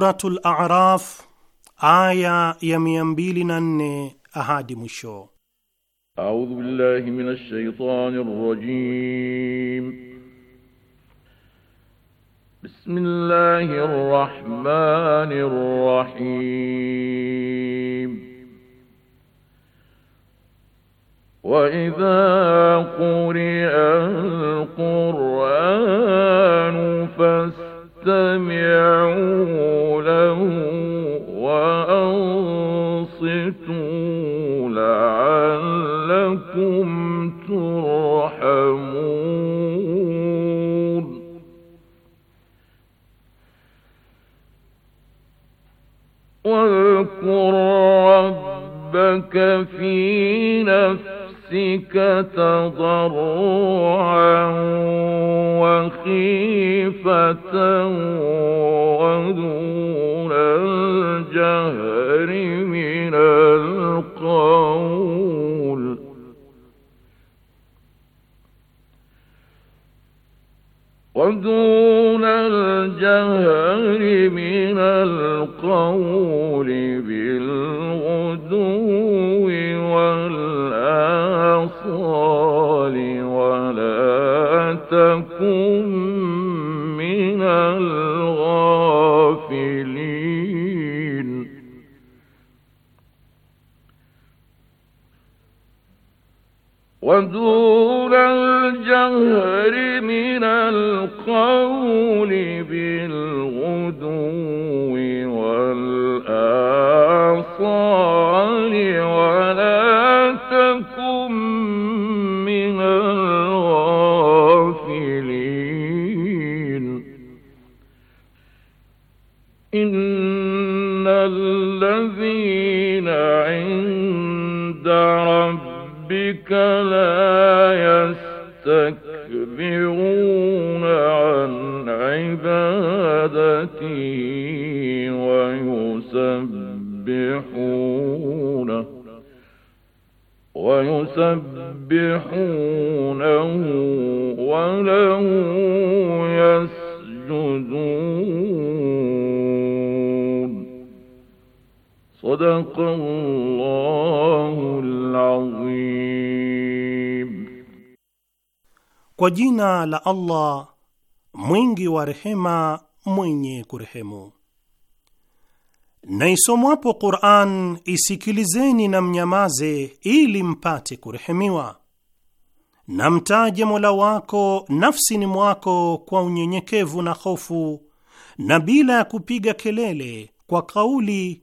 Suratul Araf aya ya mia mbili na nne ahadi mwisho. A'udhu billahi minash shaitanir rajim. Bismillahir rahmanir rahim. وإذا قرئ القرآن فاستمعوا تقسطوا لعلكم ترحمون واذكر ربك في نفسك تضرعا Sadaqallahul azim. Kwa jina la Allah mwingi wa rehema mwenye kurehemu. Naisomwapo Qur'an isikilizeni na mnyamaze, ili mpate kurehemiwa. Na mtaje Mola wako nafsini mwako kwa unyenyekevu na hofu, na bila ya kupiga kelele, kwa kauli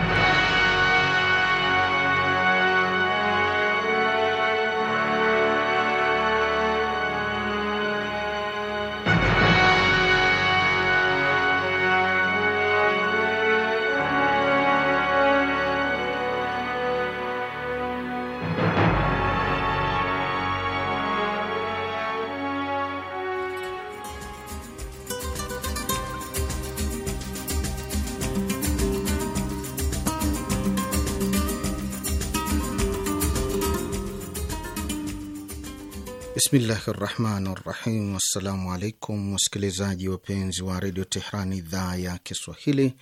Bismillahi rahmani rahim. Wassalamu alaikum wasikilizaji wapenzi wa redio Tehran, idhaa ya Kiswahili,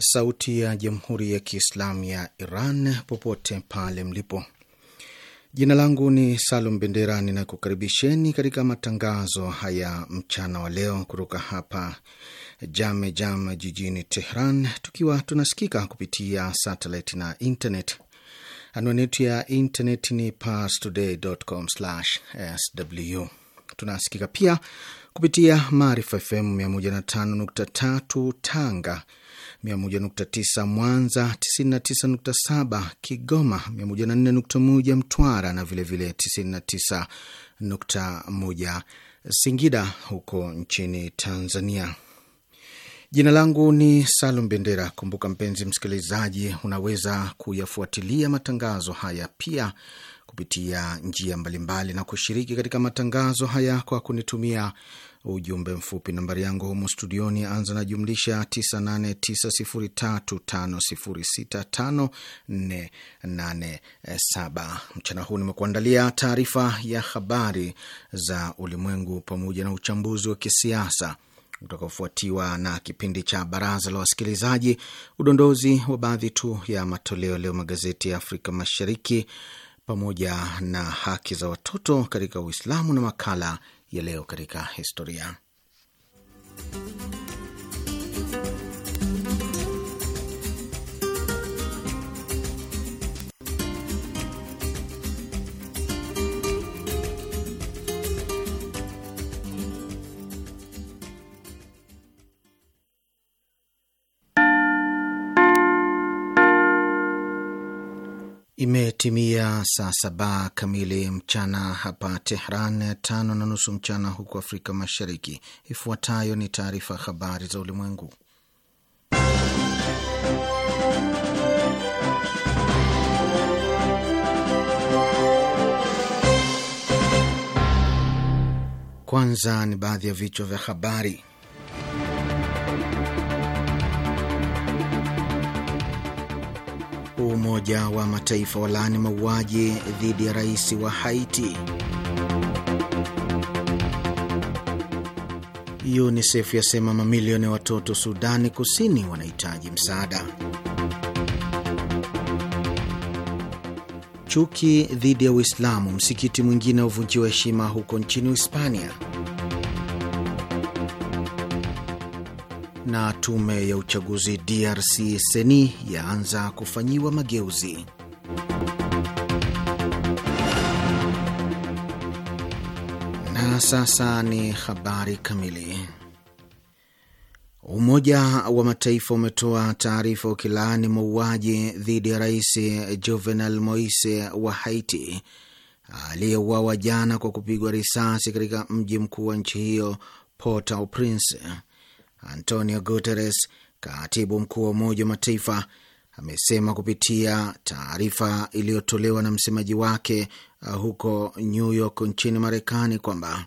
sauti ya jamhuri ya Kiislamu ya Iran, popote pale mlipo. Jina langu ni Salum Bendera, ninakukaribisheni katika matangazo haya mchana wa leo kutoka hapa Jame Jam jijini Tehran, tukiwa tunasikika kupitia satelit na internet. Anwani yetu ya intaneti ni parstoday.com/sw. Tunasikika pia kupitia Maarifa FM 105.3 Tanga, 101.9 Mwanza, 99.7 Kigoma, 104.1 Mtwara na vilevile 99.1 Singida huko nchini Tanzania. Jina langu ni Salum Bendera. Kumbuka mpenzi msikilizaji, unaweza kuyafuatilia matangazo haya pia kupitia njia mbalimbali na kushiriki katika matangazo haya kwa kunitumia ujumbe mfupi. Nambari yangu humo studioni, anza na jumlisha 989035065487. Mchana huu nimekuandalia taarifa ya habari za ulimwengu pamoja na uchambuzi wa kisiasa utakaofuatiwa na kipindi cha baraza la wasikilizaji, udondozi wa baadhi tu ya matoleo leo magazeti ya Afrika Mashariki, pamoja na haki za watoto katika Uislamu na makala ya leo katika historia. Imetimia saa saba kamili mchana hapa Tehran, tano na nusu mchana huku Afrika Mashariki. Ifuatayo ni taarifa habari za ulimwengu, kwanza ni baadhi ya vichwa vya habari. Umoja wa Mataifa walaani mauaji dhidi ya rais wa Haiti. UNICEF yasema mamilioni ya watoto Sudani Kusini wanahitaji msaada. Chuki dhidi ya Uislamu, msikiti mwingine uvunjiwa heshima huko nchini Hispania. na tume ya uchaguzi DRC seni yaanza kufanyiwa mageuzi. Na sasa ni habari kamili. Umoja wa Mataifa umetoa taarifa ukilaani mauaji dhidi ya Rais Jovenel Moise wa Haiti aliyeuawa jana kwa kupigwa risasi katika mji mkuu wa nchi hiyo Port au Prince. Antonio Guterres, katibu mkuu wa Umoja wa Mataifa, amesema kupitia taarifa iliyotolewa na msemaji wake uh, huko New York nchini Marekani kwamba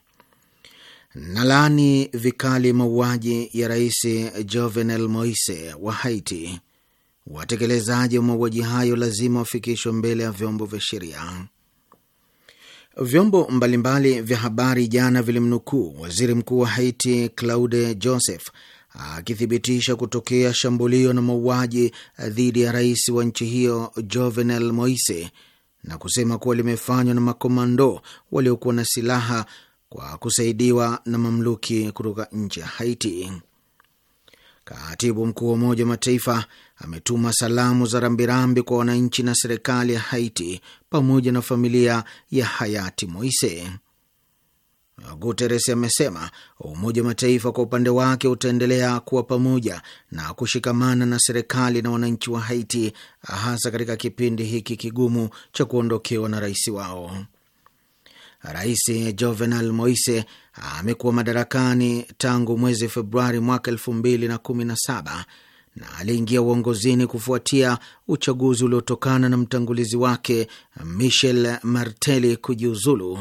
nalani vikali mauaji ya Rais Jovenel Moise wa Haiti. Watekelezaji wa mauaji hayo lazima wafikishwe mbele ya vyombo vya sheria. Vyombo mbalimbali vya habari jana vilimnukuu waziri mkuu wa Haiti Claude Joseph akithibitisha kutokea shambulio na mauaji dhidi ya rais wa nchi hiyo Jovenel Moise na kusema kuwa limefanywa na makomando waliokuwa na silaha kwa kusaidiwa na mamluki kutoka nchi ya Haiti. Katibu mkuu wa Umoja wa Mataifa ametuma salamu za rambirambi kwa wananchi na serikali ya Haiti pamoja na familia ya hayati Moise. Guteres amesema Umoja wa Mataifa kwa upande wake utaendelea kuwa pamoja na kushikamana na serikali na wananchi wa Haiti, hasa katika kipindi hiki kigumu cha kuondokewa na rais wao. Rais Jovenal Moise amekuwa madarakani tangu mwezi Februari mwaka elfu mbili na kumi na saba na aliingia uongozini kufuatia uchaguzi uliotokana na mtangulizi wake Michel Martelly kujiuzulu.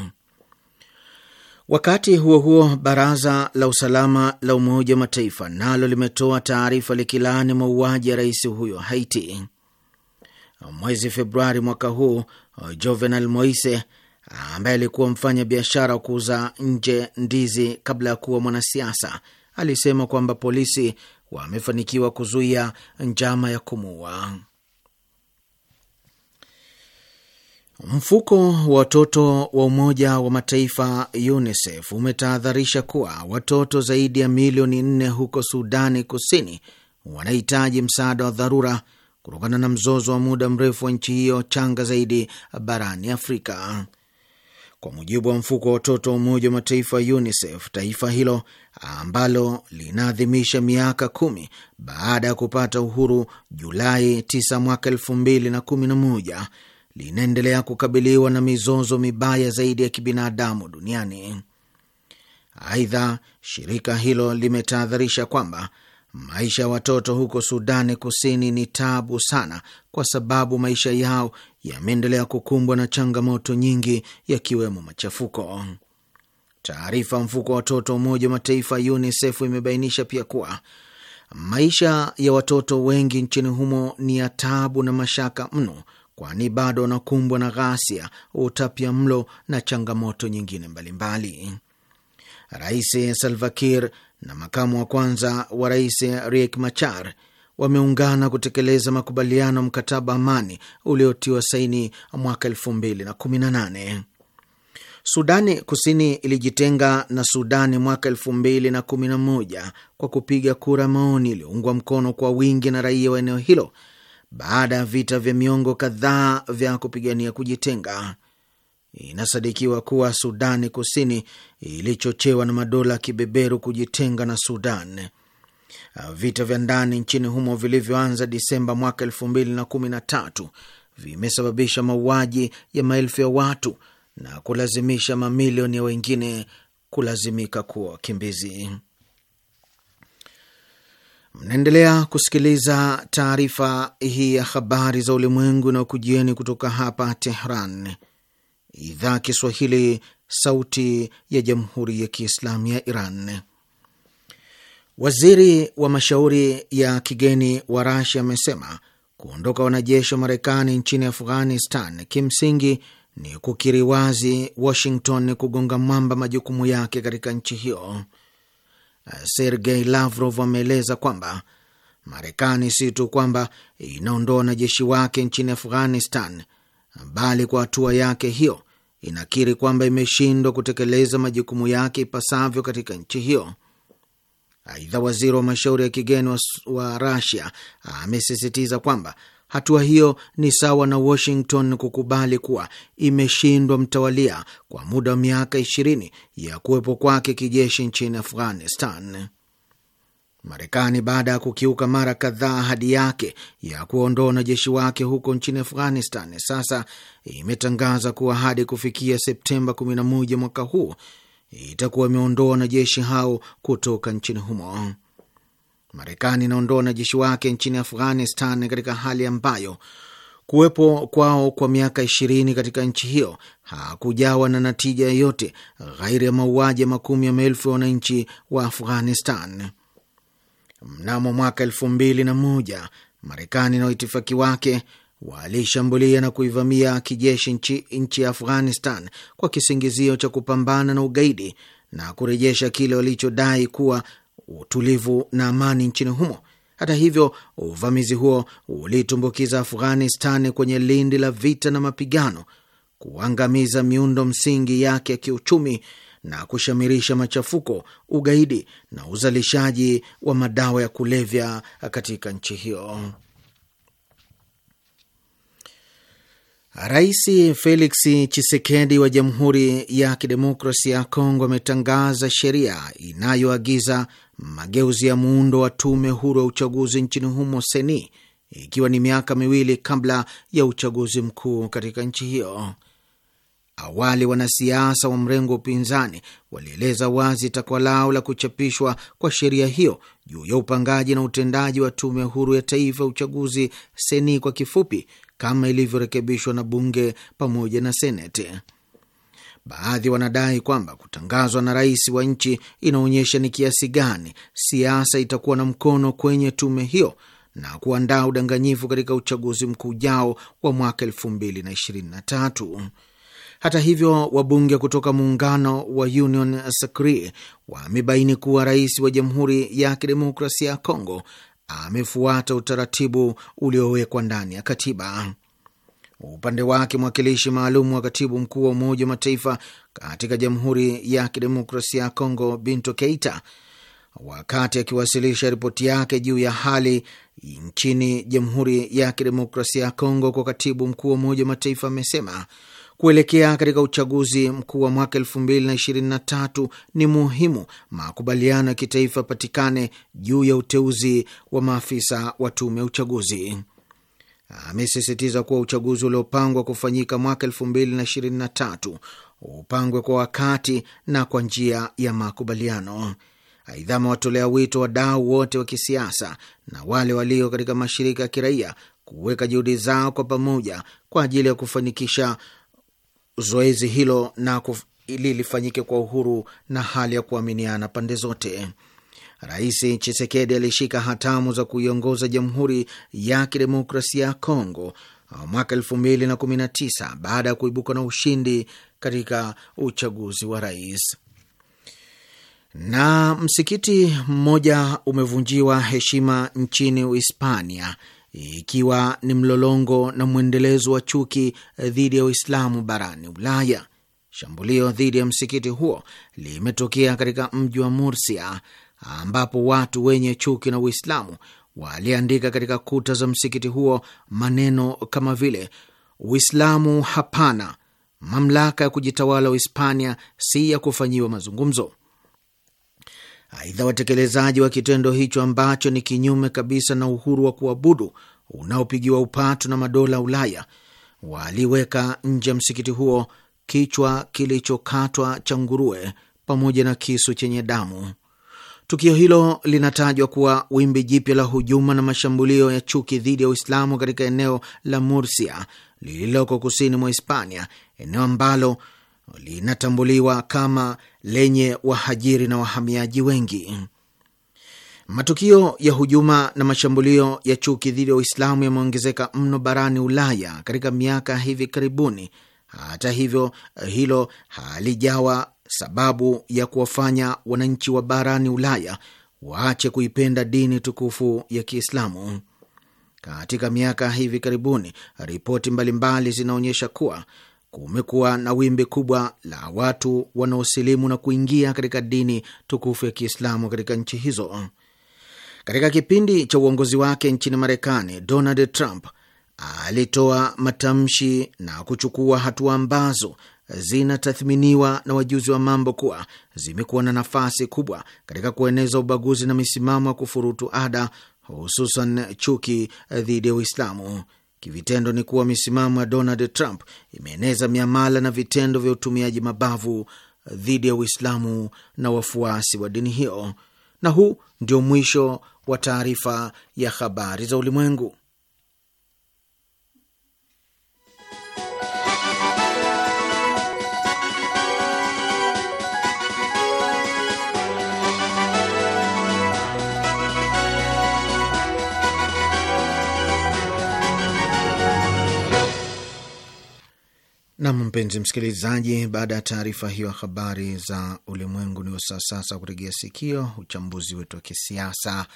Wakati huo huo, baraza la usalama la Umoja wa Mataifa nalo limetoa taarifa likilaani mauaji ya rais huyo Haiti mwezi Februari mwaka huu. Jovenal Moise ambaye alikuwa mfanya biashara wa kuuza nje ndizi kabla ya kuwa mwanasiasa, alisema kwamba polisi wamefanikiwa kuzuia njama ya kumuua. Mfuko wa watoto wa Umoja wa Mataifa UNICEF umetahadharisha kuwa watoto zaidi ya milioni nne huko Sudani Kusini wanahitaji msaada wa dharura kutokana na mzozo wa muda mrefu wa nchi hiyo changa zaidi barani Afrika. Kwa mujibu wa mfuko wa watoto wa Umoja wa Mataifa UNICEF, taifa hilo ambalo linaadhimisha miaka kumi baada ya kupata uhuru Julai 9 mwaka 2011 linaendelea kukabiliwa na mizozo mibaya zaidi ya kibinadamu duniani. Aidha, shirika hilo limetahadharisha kwamba Maisha ya watoto huko Sudani Kusini ni tabu sana, kwa sababu maisha yao yameendelea kukumbwa na changamoto nyingi, yakiwemo machafuko. Taarifa mfuko wa watoto wa Umoja wa Mataifa UNICEF imebainisha pia kuwa maisha ya watoto wengi nchini humo ni ya tabu na mashaka mno, kwani bado wanakumbwa na ghasia, utapia mlo na changamoto nyingine mbalimbali mbali. Rais Salva Kiir na makamu wa kwanza wa rais Riek Machar wameungana kutekeleza makubaliano mkataba amani uliotiwa saini mwaka elfu mbili na kumi na nane. Sudani Kusini ilijitenga na Sudani mwaka elfu mbili na kumi na moja kwa kupiga kura maoni iliyoungwa mkono kwa wingi na raia wa eneo hilo baada ya vita vya miongo kadhaa vya kupigania kujitenga. Inasadikiwa kuwa Sudani Kusini ilichochewa na madola ya kibeberu kujitenga na Sudan. Vita vya ndani nchini humo vilivyoanza Disemba mwaka elfu mbili na kumi na tatu vimesababisha mauaji ya maelfu ya watu na kulazimisha mamilioni ya wengine kulazimika kuwa wakimbizi. Mnaendelea kusikiliza taarifa hii ya habari za ulimwengu na kujieni kutoka hapa Tehran, idhaa Kiswahili, sauti ya jamhuri ya kiislamu ya Iran. Waziri wa mashauri ya kigeni wa Rasia amesema kuondoka wanajeshi wa Marekani nchini Afghanistan kimsingi ni kukiri wazi Washington kugonga mwamba majukumu yake katika nchi hiyo. Sergei Lavrov ameeleza kwamba Marekani si tu kwamba inaondoa wanajeshi wake nchini Afghanistan, bali kwa hatua yake hiyo inakiri kwamba imeshindwa kutekeleza majukumu yake ipasavyo katika nchi hiyo. Aidha, waziri wa mashauri ya kigeni wa, wa Rasia amesisitiza kwamba hatua hiyo ni sawa na Washington kukubali kuwa imeshindwa mtawalia kwa muda wa miaka 20 ya kuwepo kwake kijeshi nchini Afghanistan. Marekani baada ya kukiuka mara kadhaa ahadi yake ya kuondoa wanajeshi wake huko nchini Afghanistan, sasa imetangaza kuwa hadi kufikia Septemba 11 mwaka huu itakuwa imeondoa wanajeshi hao kutoka nchini humo. Marekani inaondoa wanajeshi wake nchini Afghanistan katika hali ambayo kuwepo kwao kwa miaka ishirini katika nchi hiyo hakujawa na natija yoyote ghairi ya mauaji ya makumi ya maelfu ya wananchi wa Afghanistan. Mnamo mwaka elfu mbili na moja Marekani na waitifaki wake walishambulia na kuivamia kijeshi nchi, nchi ya Afghanistan kwa kisingizio cha kupambana na ugaidi na kurejesha kile walichodai kuwa utulivu na amani nchini humo. Hata hivyo, uvamizi huo ulitumbukiza Afghanistan kwenye lindi la vita na mapigano, kuangamiza miundo msingi yake ya kiuchumi na kushamirisha machafuko, ugaidi na uzalishaji wa madawa ya kulevya katika nchi hiyo. Rais Felix chisekedi wa Jamhuri ya Kidemokrasia ya Kongo ametangaza sheria inayoagiza mageuzi ya muundo wa tume huru ya uchaguzi nchini humo seni ikiwa ni miaka miwili kabla ya uchaguzi mkuu katika nchi hiyo. Awali wanasiasa wa mrengo wa upinzani walieleza wazi takwa lao la kuchapishwa kwa sheria hiyo juu ya upangaji na utendaji wa Tume Huru ya Taifa ya Uchaguzi, Seni kwa kifupi, kama ilivyorekebishwa na bunge pamoja na seneti. Baadhi wanadai kwamba kutangazwa na rais wa nchi inaonyesha ni kiasi gani siasa itakuwa na mkono kwenye tume hiyo na kuandaa udanganyifu katika uchaguzi mkuu ujao wa mwaka elfu mbili na ishirini na tatu. Hata hivyo, wabunge kutoka muungano wa Union Sacre wamebaini kuwa rais wa Jamhuri ya Kidemokrasia ya Kongo amefuata utaratibu uliowekwa ndani ya katiba. Upande wake mwakilishi maalum wa katibu mkuu wa Umoja wa Mataifa katika Jamhuri ya Kidemokrasia ya Kongo Binto Keita, wakati akiwasilisha ripoti yake juu ya hali nchini Jamhuri ya Kidemokrasia ya Kongo kwa katibu mkuu wa Umoja wa Mataifa, amesema kuelekea katika uchaguzi mkuu wa mwaka elfu mbili na ishirini na tatu ni muhimu makubaliano ya kitaifa yapatikane juu ya uteuzi wa maafisa wa tume ya uchaguzi. Amesisitiza kuwa uchaguzi uliopangwa kufanyika mwaka elfu mbili na ishirini na tatu upangwe kwa wakati na kwa njia ya makubaliano. Aidha, amewatolea wito wadau wote wa kisiasa na wale walio katika mashirika ya kiraia kuweka juhudi zao kwa pamoja kwa ajili ya kufanikisha zoezi hilo na lilifanyike kwa uhuru na hali ya kuaminiana pande zote. Rais Chisekedi alishika hatamu za kuiongoza Jamhuri ya Kidemokrasia ya Kongo uh, mwaka elfu mbili na kumi na tisa baada ya kuibuka na ushindi katika uchaguzi wa rais. Na msikiti mmoja umevunjiwa heshima nchini Uhispania ikiwa ni mlolongo na mwendelezo wa chuki dhidi ya Uislamu barani Ulaya. Shambulio dhidi ya msikiti huo limetokea katika mji wa Mursia, ambapo watu wenye chuki na Uislamu waliandika katika kuta za msikiti huo maneno kama vile Uislamu hapana, mamlaka ya kujitawala Uhispania si ya kufanyiwa mazungumzo. Aidha, watekelezaji wa kitendo hicho ambacho ni kinyume kabisa na uhuru wa kuabudu unaopigiwa upatu na madola Ulaya waliweka nje ya msikiti huo kichwa kilichokatwa cha nguruwe pamoja na kisu chenye damu. Tukio hilo linatajwa kuwa wimbi jipya la hujuma na mashambulio ya chuki dhidi ya Uislamu katika eneo la Mursia lililoko kusini mwa Hispania, eneo ambalo linatambuliwa kama lenye wahajiri na wahamiaji wengi. Matukio ya hujuma na mashambulio ya chuki dhidi ya Uislamu yameongezeka mno barani Ulaya katika miaka hivi karibuni. Hata hivyo, hilo halijawa sababu ya kuwafanya wananchi wa barani Ulaya waache kuipenda dini tukufu ya Kiislamu. Katika miaka hivi karibuni, ripoti mbalimbali zinaonyesha kuwa kumekuwa na wimbi kubwa la watu wanaosilimu na kuingia katika dini tukufu ya Kiislamu katika nchi hizo. Katika kipindi cha uongozi wake nchini Marekani, Donald Trump alitoa matamshi na kuchukua hatua ambazo zinatathminiwa na wajuzi wa mambo kuwa zimekuwa na nafasi kubwa katika kueneza ubaguzi na misimamo ya kufurutu ada, hususan chuki dhidi ya Uislamu. Kivitendo ni kuwa misimamo ya Donald Trump imeeneza miamala na vitendo vya utumiaji mabavu dhidi ya Uislamu na wafuasi wa dini hiyo. Na huu ndio mwisho wa taarifa ya habari za ulimwengu. Nam, mpenzi msikilizaji, baada ya taarifa hiyo habari za ulimwengu, ni wasaa sasa kutegea sikio uchambuzi wetu wa kisiasa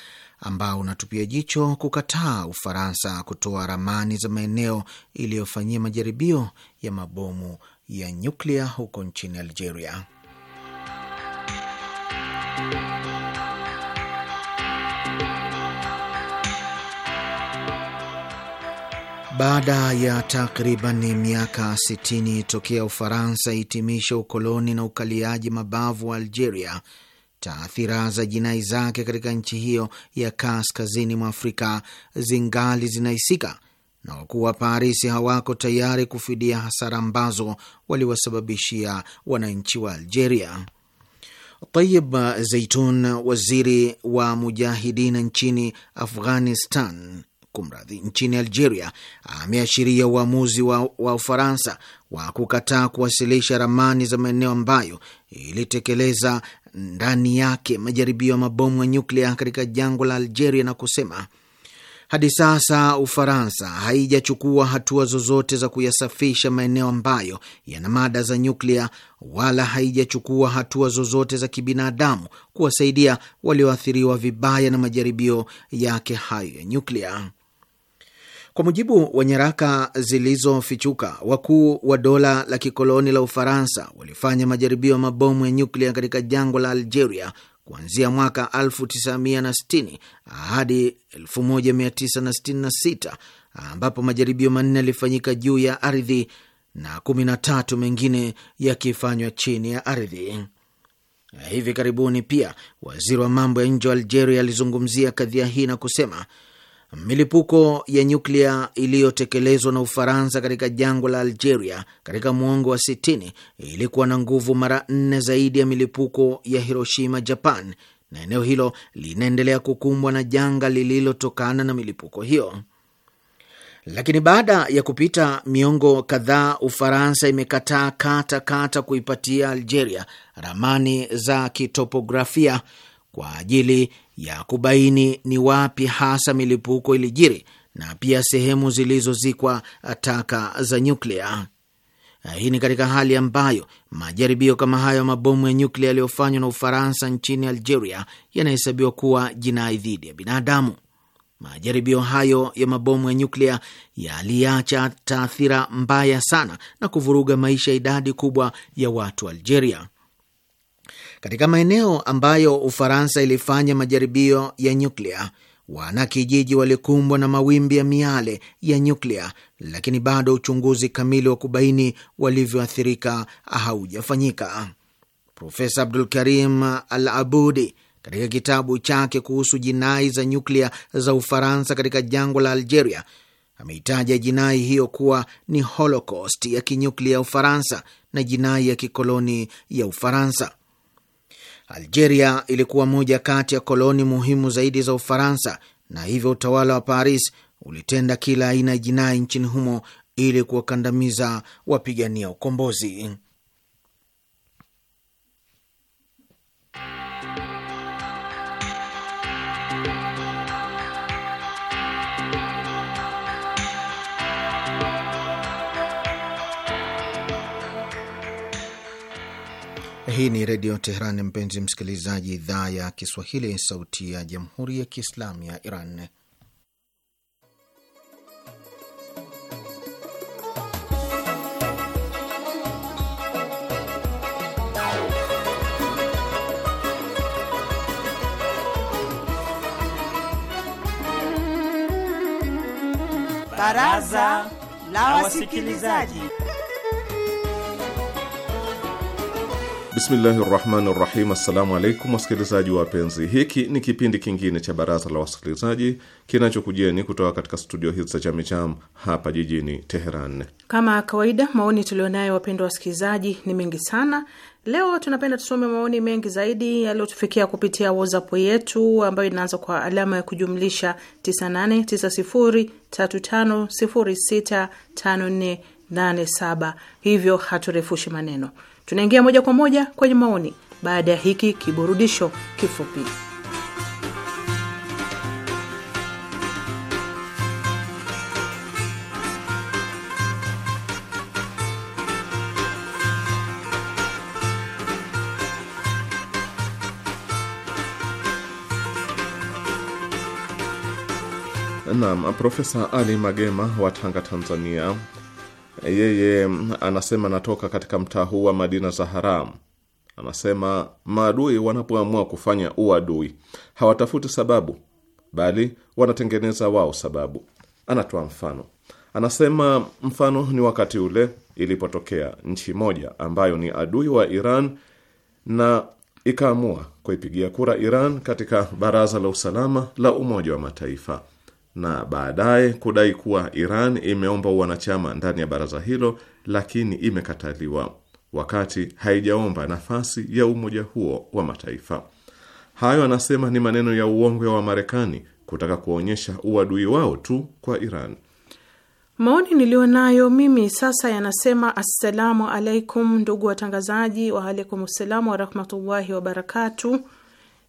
ambao unatupia jicho kukataa Ufaransa kutoa ramani za maeneo iliyofanyia majaribio ya mabomu ya nyuklia huko nchini Algeria. Baada ya takriban miaka 60 tokea Ufaransa itimisha ukoloni na ukaliaji mabavu wa Algeria, taathira za jinai zake katika nchi hiyo ya kaskazini mwa Afrika zingali zinahisika na wakuu wa Parisi hawako tayari kufidia hasara ambazo waliwasababishia wananchi wa Algeria. Tayib Zeitun, waziri wa mujahidina nchini Afghanistan, kumradhi, nchini Algeria ameashiria uamuzi wa, wa Ufaransa wa kukataa kuwasilisha ramani za maeneo ambayo ilitekeleza ndani yake majaribio ya mabomu ya nyuklia katika jangwa la Algeria na kusema hadi sasa Ufaransa haijachukua hatua zozote za kuyasafisha maeneo ambayo yana mada za nyuklia wala haijachukua hatua zozote za kibinadamu kuwasaidia walioathiriwa vibaya na majaribio yake hayo ya nyuklia. Kwa mujibu wa nyaraka zilizofichuka, wakuu wa dola la kikoloni la Ufaransa walifanya majaribio ya mabomu ya nyuklia katika jangwa la Algeria kuanzia mwaka 1960 hadi 1966 ambapo majaribio manne yalifanyika juu ya ardhi na 13 mengine yakifanywa chini ya ardhi. Hivi karibuni pia waziri wa mambo ya nje wa Algeria alizungumzia kadhia hii na kusema Milipuko ya nyuklia iliyotekelezwa na Ufaransa katika jangwa la Algeria katika mwongo wa 60 ilikuwa na nguvu mara nne zaidi ya milipuko ya Hiroshima, Japan, na eneo hilo linaendelea kukumbwa na janga lililotokana na milipuko hiyo. Lakini baada ya kupita miongo kadhaa, Ufaransa imekataa kata kata kuipatia Algeria ramani za kitopografia kwa ajili ya kubaini ni wapi hasa milipuko ilijiri na pia sehemu zilizozikwa taka za nyuklia. Hii ni katika hali ambayo majaribio kama hayo mabomu ya nyuklia yaliyofanywa na Ufaransa nchini Algeria yanahesabiwa kuwa jinai dhidi ya binadamu. Majaribio hayo ya mabomu ya nyuklia yaliacha taathira mbaya sana na kuvuruga maisha ya idadi kubwa ya watu Algeria katika maeneo ambayo Ufaransa ilifanya majaribio ya nyuklia, wanakijiji walikumbwa na mawimbi ya miale ya nyuklia, lakini bado uchunguzi kamili wa kubaini walivyoathirika haujafanyika. Profesa Abdul Karim Al Abudi katika kitabu chake kuhusu jinai za nyuklia za Ufaransa katika jangwa la Algeria ameitaja jinai hiyo kuwa ni Holocaust ya kinyuklia ya Ufaransa na jinai ya kikoloni ya Ufaransa. Algeria ilikuwa moja kati ya koloni muhimu zaidi za Ufaransa, na hivyo utawala wa Paris ulitenda kila aina ya jinai nchini humo ili kuwakandamiza wapigania ukombozi. Hii ni Redio Teheran, mpenzi msikilizaji, idhaa ya Kiswahili, sauti ya jamhuri ya kiislamu ya Iran. Baraza la Wasikilizaji. Bismillahi rahmani rahim. Assalamu alaikum wasikilizaji wapenzi, hiki ni kipindi kingine cha baraza la wasikilizaji kinachokujieni kutoka katika studio hizi za Chamicham hapa jijini Teheran. Kama kawaida, maoni tulionayo wapendwa wasikilizaji ni mengi sana. Leo tunapenda tusome maoni mengi zaidi yaliyotufikia kupitia WhatsApp yetu ambayo inaanza kwa alama ya kujumlisha 989035065487. Hivyo haturefushi maneno Tunaingia moja kwa moja kwenye maoni baada ya hiki kiburudisho kifupi. Naam, Profesa Ali Magema wa Tanga, Tanzania yeye mm, anasema anatoka katika mtaa huu wa Madina za haramu. Anasema maadui wanapoamua kufanya uadui hawatafuti sababu, bali wanatengeneza wao sababu. Anatoa mfano, anasema mfano ni wakati ule ilipotokea nchi moja ambayo ni adui wa Iran na ikaamua kuipigia kura Iran katika Baraza la Usalama la Umoja wa Mataifa na baadaye kudai kuwa Iran imeomba wanachama ndani ya baraza hilo, lakini imekataliwa wakati haijaomba nafasi ya umoja huo wa mataifa. Hayo anasema ni maneno ya uongo wa Marekani kutaka kuonyesha uadui wao tu kwa Iran. Maoni niliyo nayo mimi sasa yanasema: assalamu alaikum, ndugu watangazaji. Waalaikum ssalamu warahmatullahi wabarakatu.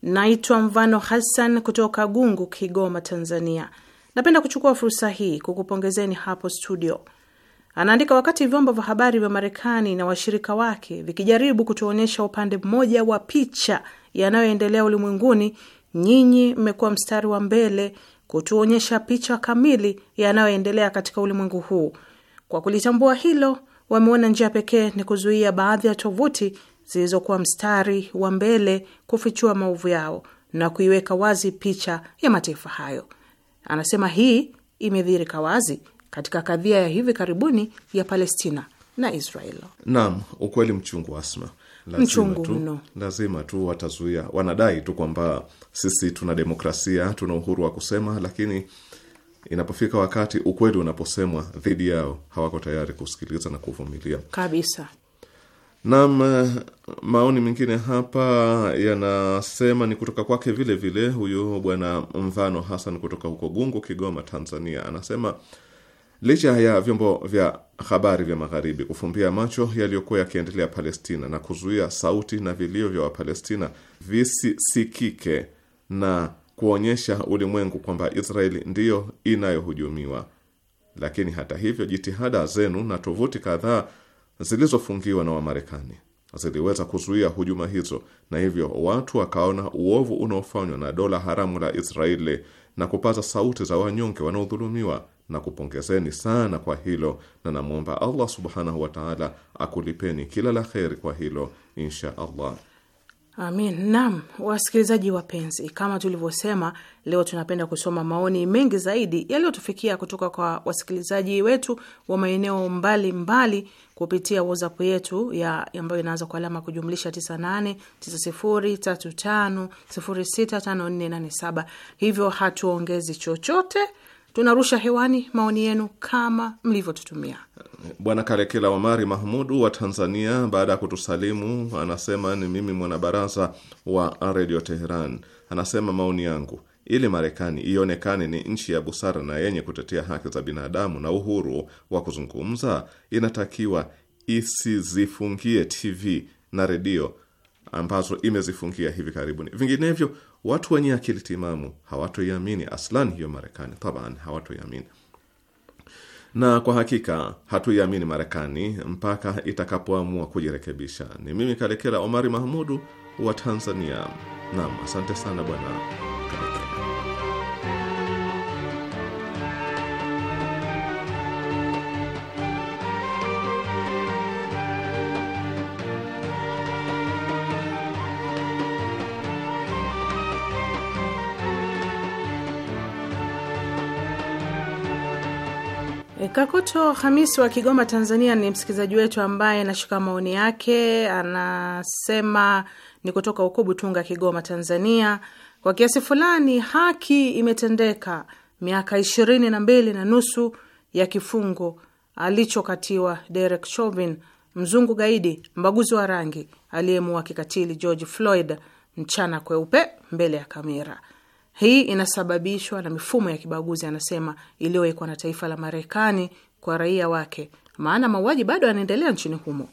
Naitwa Mvano Hassan kutoka Gungu, Kigoma, Tanzania. Napenda kuchukua fursa hii kukupongezeni hapo studio. Anaandika, wakati vyombo vya habari vya Marekani na washirika wake vikijaribu kutuonyesha upande mmoja wa picha yanayoendelea ulimwenguni, nyinyi mmekuwa mstari wa mbele kutuonyesha picha kamili yanayoendelea katika ulimwengu huu. Kwa kulitambua hilo, wameona njia pekee ni kuzuia baadhi ya tovuti zilizokuwa mstari wa mbele kufichua maovu yao na kuiweka wazi picha ya mataifa hayo. Anasema hii imedhihirika wazi katika kadhia ya hivi karibuni ya Palestina na Israel. Naam, ukweli mchungu Asma, lazima mchungu tu, mno. Lazima tu watazuia, wanadai tu kwamba sisi tuna demokrasia, tuna uhuru wa kusema, lakini inapofika wakati ukweli unaposemwa dhidi yao hawako tayari kusikiliza na kuvumilia kabisa. Naam, eh, maoni mengine hapa yanasema ni kutoka kwake vile vile huyu bwana Mvano Hassan kutoka huko Gungu, Kigoma, Tanzania, anasema licha ya vyombo vya habari vya magharibi kufumbia macho yaliyokuwa yakiendelea Palestina na kuzuia sauti na vilio vya Wapalestina visisikike na kuonyesha ulimwengu kwamba Israeli ndiyo inayohujumiwa, lakini hata hivyo jitihada zenu na tovuti kadhaa zilizofungiwa na Wamarekani ziliweza kuzuia hujuma hizo, na hivyo watu wakaona uovu unaofanywa na dola haramu la Israeli na kupaza sauti za wanyonge wanaodhulumiwa. Na kupongezeni sana kwa hilo, na namwomba Allah subhanahu wataala akulipeni kila la kheri kwa hilo, insha Allah. Amin. Naam, wasikilizaji wapenzi, kama tulivyosema, leo tunapenda kusoma maoni mengi zaidi yaliyotufikia kutoka kwa wasikilizaji wetu wa maeneo mbalimbali kupitia WhatsApp yetu ya ambayo inaanza kwa alama kujumlisha 989035065487. Hivyo hatuongezi chochote tunarusha hewani maoni yenu kama mlivyotutumia. Bwana Kalekela Omari Mahmudu wa Tanzania, baada ya kutusalimu, anasema ni mimi mwanabaraza wa redio Teheran. Anasema maoni yangu, ili Marekani ionekane ni nchi ya busara na yenye kutetea haki za binadamu na uhuru wa kuzungumza, inatakiwa isizifungie TV na redio ambazo imezifungia hivi karibuni, vinginevyo watu wenye akili timamu hawatoiamini aslan hiyo Marekani, taban hawatoiamini na kwa hakika hatuiamini Marekani mpaka itakapoamua kujirekebisha. Ni mimi Kalekela Omari Mahmudu wa Tanzania. Naam, asante sana bwana. Kakoto Hamisi wa Kigoma, Tanzania, ni msikilizaji wetu ambaye nashika maoni yake. Anasema ni kutoka huko Butunga, Kigoma, Tanzania. Kwa kiasi fulani haki imetendeka, miaka ishirini na mbili na nusu ya kifungo alichokatiwa Derek Chauvin, mzungu gaidi, mbaguzi wa rangi, aliyemua kikatili George Floyd mchana kweupe mbele ya kamera. Hii inasababishwa na mifumo ya kibaguzi, anasema, iliyowekwa na taifa la Marekani kwa raia wake, maana mauaji bado yanaendelea nchini humo.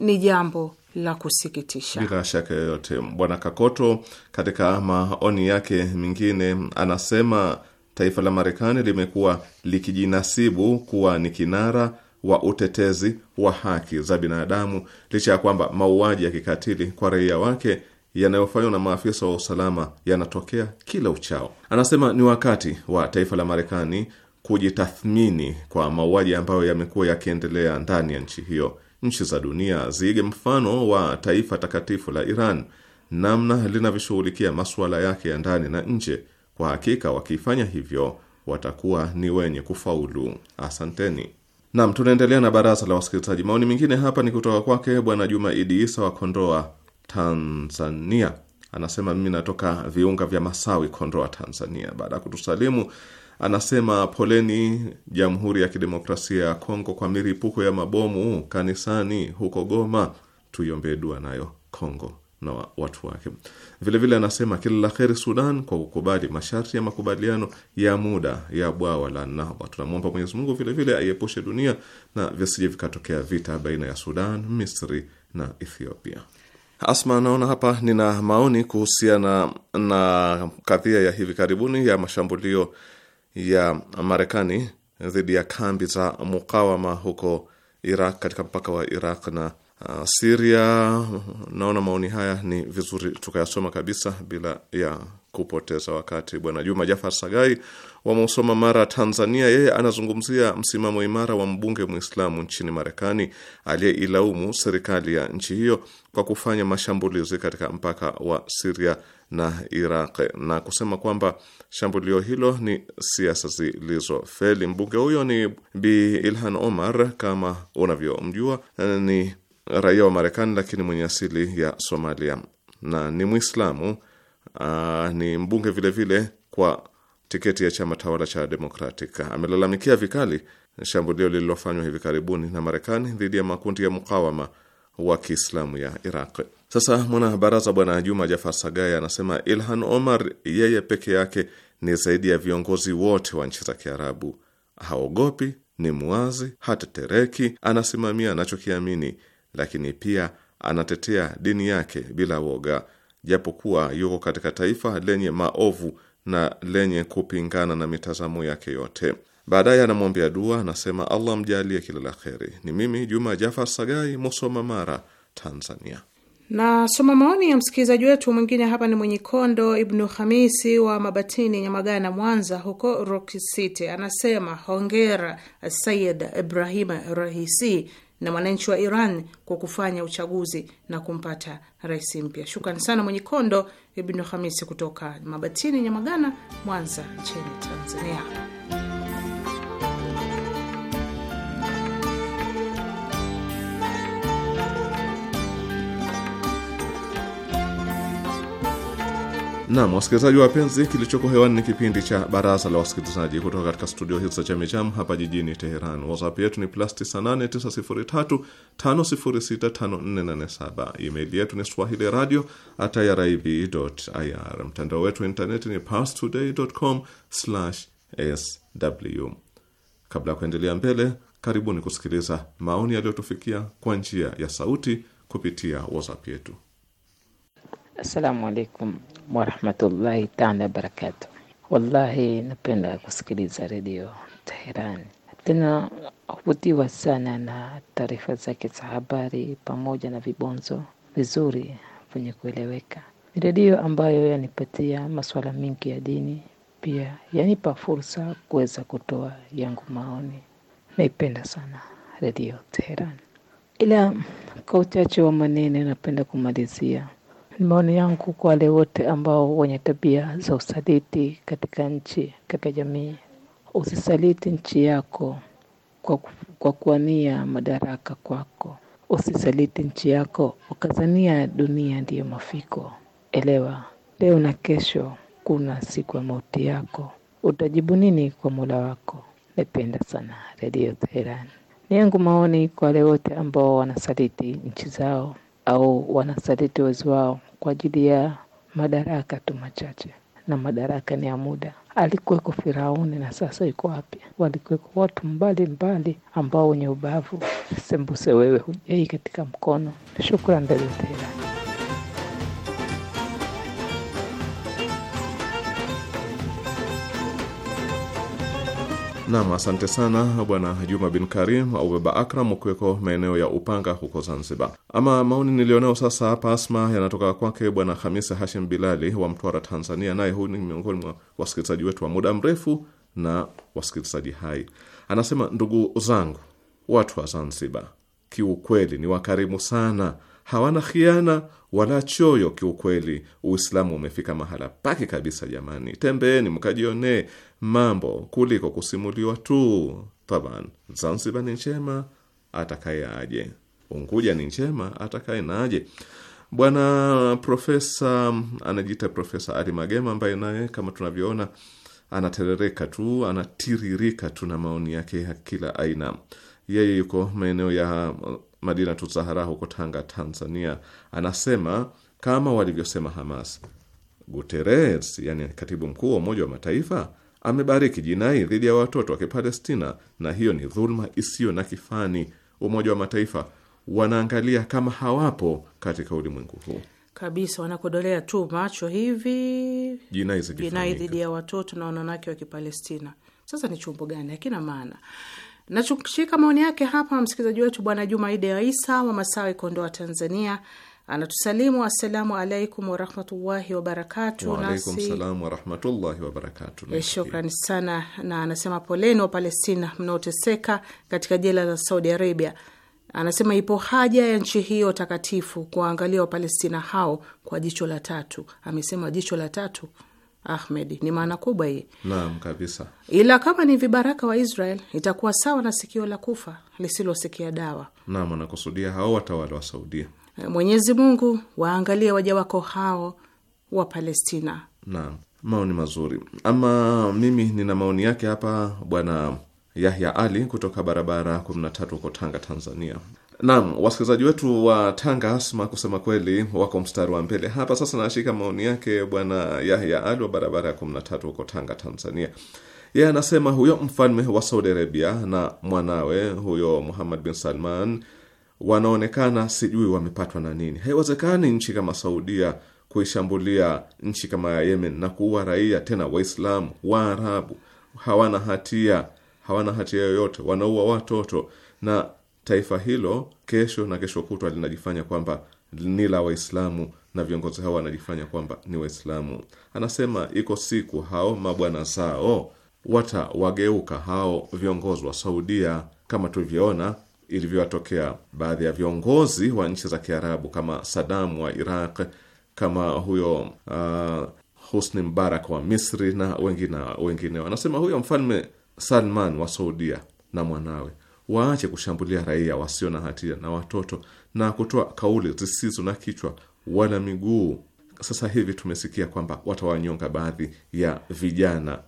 Ni jambo la kusikitisha bila shaka yoyote. Bwana Kakoto katika maoni yake mingine anasema taifa la Marekani limekuwa likijinasibu kuwa ni kinara wa utetezi wa haki za binadamu licha ya kwamba mauaji ya kikatili kwa raia wake yanayofanywa na maafisa wa usalama yanatokea kila uchao. Anasema ni wakati wa taifa la Marekani kujitathmini kwa mauaji ambayo yamekuwa yakiendelea ndani ya nchi hiyo. Nchi za dunia ziige mfano wa taifa takatifu la Iran, namna linavyoshughulikia masuala yake ya ndani na nje. Kwa hakika wakifanya hivyo watakuwa ni wenye kufaulu. Asanteni. Nam, tunaendelea na baraza la wasikilizaji. Maoni mengine hapa ni kutoka kwake Bwana Juma Idi Isa wa Kondoa Tanzania. Anasema mimi natoka viunga vya Masawi, Kondoa, Tanzania. Baada ya kutusalimu, anasema poleni Jamhuri ya Kidemokrasia ya Kongo kwa miripuko ya mabomu kanisani huko Goma, tuiombee dua nayo Kongo na watu wake. Vilevile vile anasema kila la Sudan kwa kukubali masharti ya makubaliano ya muda ya bwawa la Nahda. Tunamwomba Mwenyezi Mungu vilevile aiepushe dunia na visije vikatokea vita baina ya Sudan, Misri na Ethiopia. Asma, naona hapa nina maoni kuhusiana na, na kadhia ya hivi karibuni ya mashambulio ya Marekani dhidi ya kambi za mukawama huko Iraq, katika mpaka wa Iraq na uh, Siria. Naona maoni haya ni vizuri tukayasoma kabisa bila ya kupoteza wakati. Bwana Juma Jafar Sagai wa Musoma, Mara, Tanzania, yeye anazungumzia msimamo imara wa mbunge Mwislamu nchini Marekani aliyeilaumu serikali ya nchi hiyo kwa kufanya mashambulizi katika mpaka wa Siria na Iraq na kusema kwamba shambulio hilo ni siasa zilizofeli. Mbunge huyo ni Bi Ilhan Omar, kama unavyomjua ni raia wa Marekani lakini mwenye asili ya Somalia na ni Mwislamu uh, ni mbunge vilevile vile kwa tiketi ya chama tawala cha Democratic. Amelalamikia vikali shambulio lililofanywa hivi karibuni na Marekani dhidi ya makundi ya mukawama wa Kiislamu ya Iraq. Sasa mwanabaraza Bwana Juma Jafar Sagai anasema Ilhan Omar yeye peke yake ni zaidi ya viongozi wote wa nchi za Kiarabu. Haogopi, ni mwazi, hatetereki, anasimamia anachokiamini, lakini pia anatetea dini yake bila woga japokuwa yuko katika taifa lenye maovu na lenye kupingana na mitazamo yake yote. Baadaye anamwambia dua, anasema Allah mjalie kila la kheri. Ni mimi Juma Jafar Sagai, Musoma, Mara, Tanzania. Na soma maoni ya msikilizaji wetu mwingine hapa. Ni mwenye kondo Ibnu Hamisi wa Mabatini, Nyamagana, Mwanza, huko Rock City, anasema hongera Sayid Ibrahim Rahisi na mwananchi wa Iran kwa kufanya uchaguzi na kumpata rais mpya. Shukrani sana Mwenye Kondo Ibnu Hamisi kutoka Mabatini, Nyamagana, Mwanza nchini Tanzania. Naam, wasikilizaji wapenzi, kilichoko hewani ni kipindi cha baraza la wasikilizaji kutoka katika studio hizi za Chamicham hapa jijini Teheran. WhatsApp yetu ni plus 989035065487. Email yetu ni swahili radio at irib ir. Mtandao wetu wa intaneti ni parstoday.com sw. Kabla ya kuendelea mbele, karibuni kusikiliza maoni yaliyotufikia kwa njia ya sauti kupitia WhatsApp yetu. Assalamu alaikum warahmatullahi taala wabarakatu. Wallahi napenda kusikiliza redio Teherani, tena huvutiwa sana na taarifa zake za habari pamoja na vibonzo vizuri vyenye kueleweka. Ni redio ambayo yanipatia masuala mengi ya dini, pia yanipa fursa kuweza kutoa yangu maoni. Naipenda sana redio teheran ila kwa uchache wa maneno napenda kumalizia ni maoni yangu kwa wale wote ambao wenye tabia za usaliti katika nchi, katika jamii. Usisaliti nchi yako kwa, kwa kuania madaraka kwako. Usisaliti nchi yako ukazania dunia ndiyo mafiko. Elewa leo na kesho, kuna siku ya mauti yako. Utajibu nini kwa Mola wako? Napenda sana Redio Teherani. Ni yangu maoni kwa wale wote ambao wanasaliti nchi zao au wanasaliti wezi wao kwa ajili ya madaraka tu machache, na madaraka ni ya muda. Alikuweko Firauni na sasa yuko wapi? Walikuweko watu mbali mbali ambao wenye ubavu. Sembuse wewe hujai katika mkono. Shukrani Delitela. Nam, asante sana bwana Juma bin Karim au baba Akram ukiweko maeneo ya Upanga huko Zanzibar. Ama maoni nilionao sasa hapa Asma yanatoka kwake bwana Hamisa Hashim Bilali wa Mtwara, Tanzania. Naye huyu ni miongoni mwa wasikilizaji wetu wa muda mrefu na wasikilizaji hai. Anasema, ndugu zangu, watu wa Zanzibar kiukweli ni wakarimu sana, hawana khiana wala choyo. Kiukweli Uislamu umefika mahala pake kabisa, jamani. Tembeeni mkajionee mambo kuliko kusimuliwa tu. Taban, Zanzibar ni njema atakaye aje, Unguja ni njema atakaye naje Bwana Profesa anajiita Profesa Ali Magema, ambaye naye kama tunavyoona anaterereka tu, anatiririka tu na maoni yake ya kila aina. Yeye yuko maeneo ya Madina Tuzahara huko Tanga, Tanzania, anasema kama walivyosema Hamas, Guterres, yani katibu mkuu wa Umoja wa Mataifa, amebariki jinai dhidi ya watoto wa Kipalestina, na hiyo ni dhuluma isiyo na kifani. Umoja wa Mataifa wanaangalia kama hawapo katika ulimwengu huu kabisa, wanakodolea tu macho hivi jinai dhidi ya watoto na wanawake wa Kipalestina. Sasa ni chumbo gani? Hakina maana. Nachushika maoni yake hapa. Msikilizaji wetu Bwana Juma Ide Isa wa Masawi, Kondoa, Tanzania, anatusalimu assalamu alaikum warahmatullahi wabarakatu. Eh, Shukrani sana, na anasema poleni wa Palestina mnaoteseka katika jela za Saudi Arabia. Anasema ipo haja ya nchi hiyo takatifu kuwaangalia Wapalestina hao kwa jicho la tatu. Amesema jicho la tatu Ahmed, ni maana kubwa hii. Naam, kabisa. Ila kama ni vibaraka wa Israel itakuwa sawa na sikio la kufa lisilosikia dawa. Naam, anakusudia hao watawala wa Saudia. Mwenyezi Mungu waangalie waja wako hao wa Palestina. Naam, maoni mazuri. Ama mimi nina maoni yake hapa, Bwana Yahya Ali kutoka barabara 13 huko Tanga, Tanzania. Naam, wasikilizaji wetu wa Tanga Asma, kusema kweli, wako mstari wa mbele hapa. Sasa nashika maoni yake Bwana Yahya Ali wa barabara ya kumi na tatu huko Tanga, Tanzania. Yeye anasema huyo mfalme wa Saudi Arabia na mwanawe huyo Muhammad bin Salman wanaonekana sijui wamepatwa na nini. Haiwezekani nchi kama Saudia kuishambulia nchi kama ya Yemen na kuua raia, tena Waislamu, Waarabu hawana hatia, hawana hatia yoyote, wanaua watoto na taifa hilo kesho na kesho kutwa linajifanya kwamba ni la Waislamu na viongozi hao wanajifanya kwamba ni Waislamu. Anasema iko siku hao mabwana zao watawageuka hao viongozi wa Saudia, kama tulivyoona ilivyowatokea baadhi ya viongozi wa nchi za Kiarabu kama Sadamu wa Iraq, kama huyo uh, Husni Mbarak wa Misri na wengine wengineo. Anasema huyo mfalme Salman wa Saudia na mwanawe waache kushambulia raia wasio na hatia na watoto na kutoa kauli zisizo na kichwa wala miguu. Sasa hivi tumesikia kwamba watawanyonga baadhi ya vijana.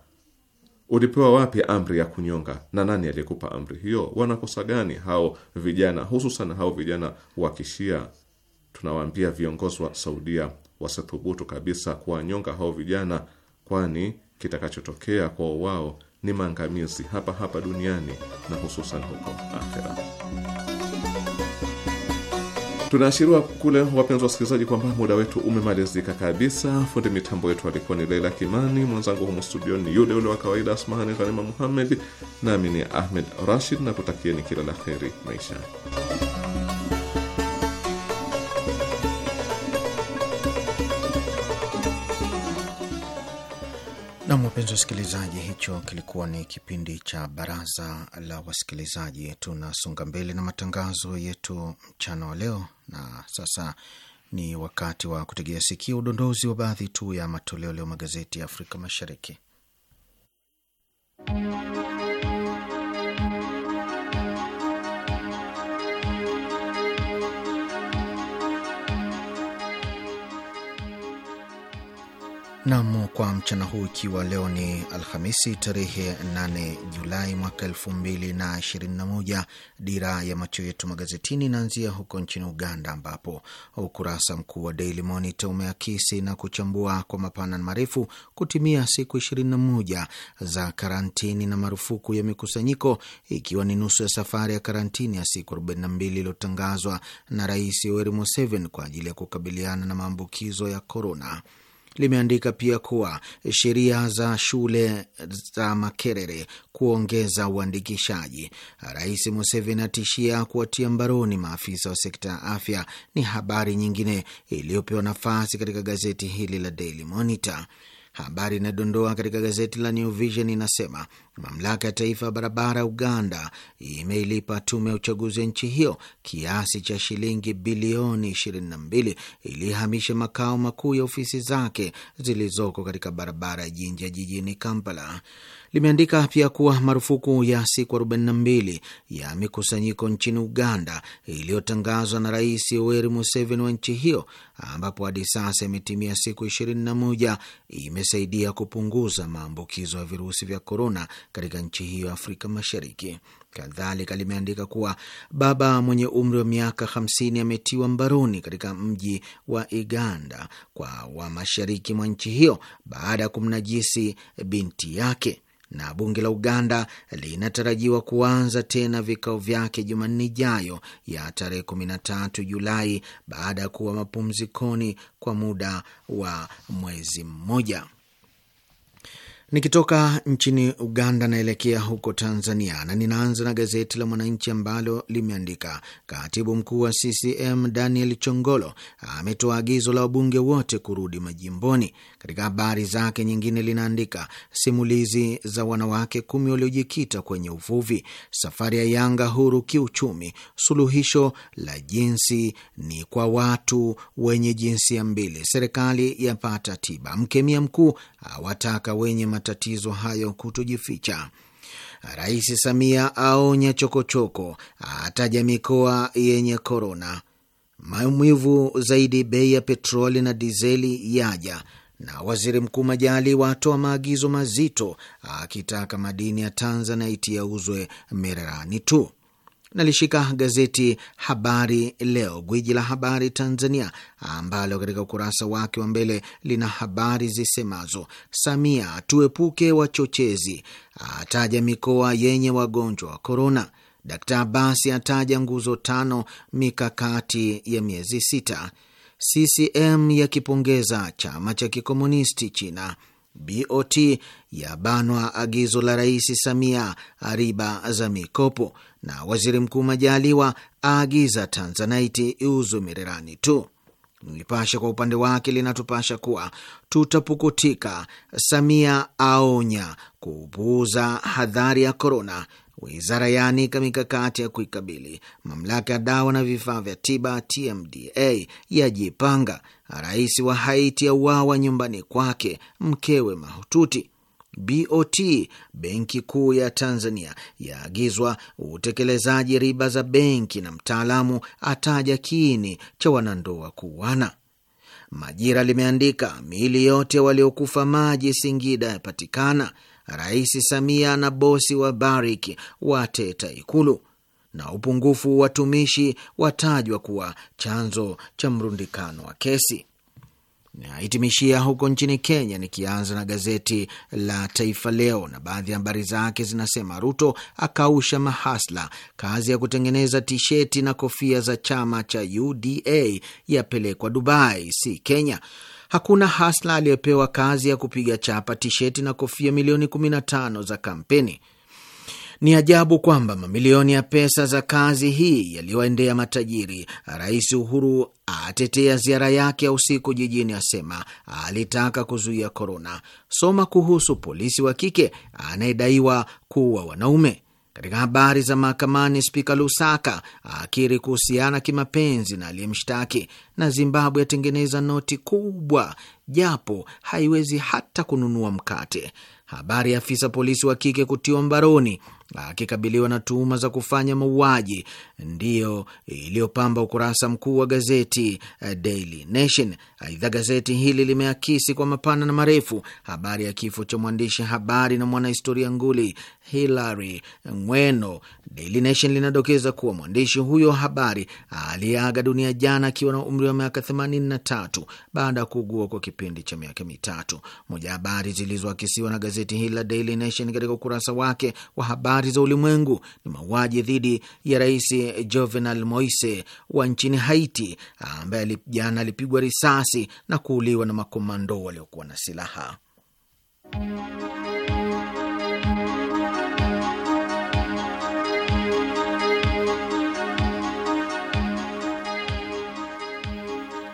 Ulipewa wapi amri ya kunyonga, na nani aliyekupa amri hiyo? Wanakosa gani hao vijana, hususan hao vijana wa Kishia? Tunawaambia viongozi wa Saudia wasithubutu kabisa kuwanyonga hao vijana, kwani kitakachotokea kwao wao ni maangamizi hapa hapa duniani na hususan huko akhera. Tunaashiriwa kule, wapenzi wasikilizaji, kwamba muda wetu umemalizika kabisa. Fundi mitambo yetu alikuwa ni Leila Kimani, mwenzangu humu studioni ni yule ule wa kawaida Asmahani Ghanima Muhammed, nami ni Ahmed Rashid, na kutakieni kila la kheri maisha Nam, wapenzi wasikilizaji, hicho kilikuwa ni kipindi cha baraza la wasikilizaji. Tunasonga mbele na matangazo yetu mchana wa leo, na sasa ni wakati wa kutegea sikia udondozi wa baadhi tu ya matoleo leo magazeti ya Afrika Mashariki. Nam kwa mchana huu, ikiwa leo ni Alhamisi tarehe 8 Julai mwaka 2021, dira ya macho yetu magazetini inaanzia huko nchini Uganda, ambapo ukurasa mkuu wa Daily Monitor umeakisi na kuchambua kwa mapana marefu kutimia siku 21 za karantini na marufuku ya mikusanyiko, ikiwa ni nusu ya safari ya karantini ya siku 42 iliyotangazwa na Rais Yoweri Museveni kwa ajili ya kukabiliana na maambukizo ya korona limeandika pia kuwa sheria za shule za Makerere kuongeza uandikishaji. Rais Museveni atishia kuwatia mbaroni maafisa wa sekta ya afya, ni habari nyingine iliyopewa nafasi katika gazeti hili la Daily Monitor. Habari inayodondoa katika gazeti la New Vision inasema mamlaka ya taifa ya barabara ya Uganda imeilipa tume ya uchaguzi ya nchi hiyo kiasi cha shilingi bilioni 22 ili ihamishe makao makuu ya ofisi zake zilizoko katika barabara ya Jinja jijini Kampala limeandika pia kuwa marufuku ya siku 42 ya mikusanyiko nchini Uganda iliyotangazwa na Rais Yoweri Museveni wa nchi hiyo, ambapo hadi sasa imetimia siku 21, imesaidia kupunguza maambukizo ya virusi vya korona katika nchi hiyo ya Afrika Mashariki. Kadhalika limeandika kuwa baba mwenye umri wa miaka 50 ametiwa mbaroni katika mji wa Iganda kwa wa mashariki mwa nchi hiyo baada ya kumnajisi binti yake na bunge la Uganda linatarajiwa kuanza tena vikao vyake Jumanne ijayo ya tarehe 13 Julai baada ya kuwa mapumzikoni kwa muda wa mwezi mmoja. Nikitoka nchini Uganda naelekea huko Tanzania, na ninaanza na gazeti la Mwananchi ambalo limeandika katibu mkuu wa CCM Daniel Chongolo ametoa agizo la wabunge wote kurudi majimboni. Katika habari zake nyingine linaandika simulizi za wanawake kumi waliojikita kwenye uvuvi, safari ya Yanga huru kiuchumi, suluhisho la jinsi ni kwa watu wenye jinsia mbili, serikali yapata tiba, mkemia mkuu awataka wenye matatizo hayo kutojificha. Rais Samia aonya chokochoko, ataja mikoa yenye korona. Maumivu zaidi bei ya petroli na dizeli yaja, na waziri mkuu Majaliwa atoa maagizo mazito akitaka madini ya Tanzanite yauzwe Mererani tu nalishika gazeti Habari Leo, gwiji la habari Tanzania, ambalo katika ukurasa wake wa mbele lina habari zisemazo: Samia, tuepuke wachochezi, ataja mikoa yenye wagonjwa wa korona. Dkt Abasi ataja nguzo tano mikakati ya miezi sita. CCM yakipongeza chama cha kikomunisti China. BOT yabanwa agizo la Rais Samia, riba za mikopo, na Waziri Mkuu Majaliwa aagiza tanzanaiti iuzwe Mererani tu. Nipashe kwa upande wake linatupasha kuwa tutapukutika, Samia aonya kupuuza hadhari ya korona, wizara yaanika mikakati ya kuikabili, mamlaka ya dawa na vifaa vya tiba TMDA yajipanga Rais wa Haiti auawa nyumbani kwake, mkewe mahututi. BOT, Benki Kuu ya Tanzania, yaagizwa utekelezaji riba za benki, na mtaalamu ataja kiini cha wanandoa kuuana. Majira limeandika miili yote waliokufa maji Singida yapatikana. Rais Samia na bosi wa Bariki wateta Ikulu na upungufu wa watumishi watajwa kuwa chanzo cha mrundikano wa kesi. Nahitimishia huko nchini Kenya, nikianza na gazeti la Taifa Leo na baadhi ya habari zake zinasema: Ruto akausha mahasla, kazi ya kutengeneza tisheti na kofia za chama cha UDA yapelekwa Dubai, si Kenya. Hakuna hasla aliyepewa kazi ya kupiga chapa tisheti na kofia milioni 15 za kampeni. Ni ajabu kwamba mamilioni ya pesa za kazi hii yaliyoendea matajiri. Rais Uhuru atetea ziara yake ya usiku jijini, asema alitaka kuzuia korona. Soma kuhusu polisi wa kike anayedaiwa kuua wanaume. Katika habari za mahakamani, Spika Lusaka akiri kuhusiana kimapenzi na aliyemshtaki. Na Zimbabwe yatengeneza noti kubwa japo haiwezi hata kununua mkate. Habari ya afisa polisi wa kike kutiwa mbaroni akikabiliwa na tuhuma za kufanya mauaji ndiyo iliyopamba ukurasa mkuu wa gazeti eh, Daily Nation. Aidha, gazeti hili limeakisi kwa mapana na marefu habari ya kifo cha mwandishi habari na mwanahistoria nguli Hilary Ngweno. Daily Nation linadokeza kuwa mwandishi huyo habari aliyeaga dunia jana akiwa na umri wa miaka 83 baada ya kuugua kwa kipindi cha miaka mitatu. Moja ya habari zilizoakisiwa na gazeti hili la Daily Nation katika ukurasa wake wa habari habari za ulimwengu ni mauaji dhidi ya Rais jovenal Moise wa nchini Haiti, ambaye jana alipigwa risasi na kuuliwa na makomando waliokuwa na silaha.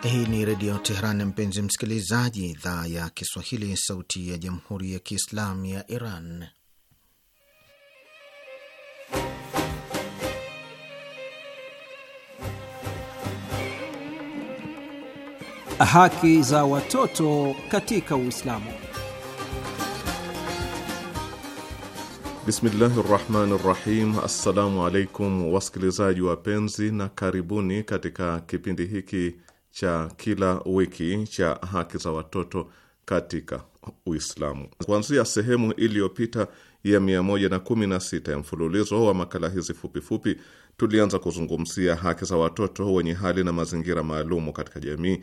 Hii ni Redio Teheran, mpenzi msikilizaji, idhaa ya Kiswahili, sauti ya Jamhuri ya Kiislamu ya Iran. Haki za watoto katika Uislamu. Bismillahi rahmani rahim. Assalamu alaikum wasikilizaji wapenzi, na karibuni katika kipindi hiki cha kila wiki cha haki za watoto katika Uislamu. Kuanzia sehemu iliyopita ya 116 ya mfululizo wa makala hizi fupifupi, tulianza kuzungumzia haki za watoto wenye hali na mazingira maalumu katika jamii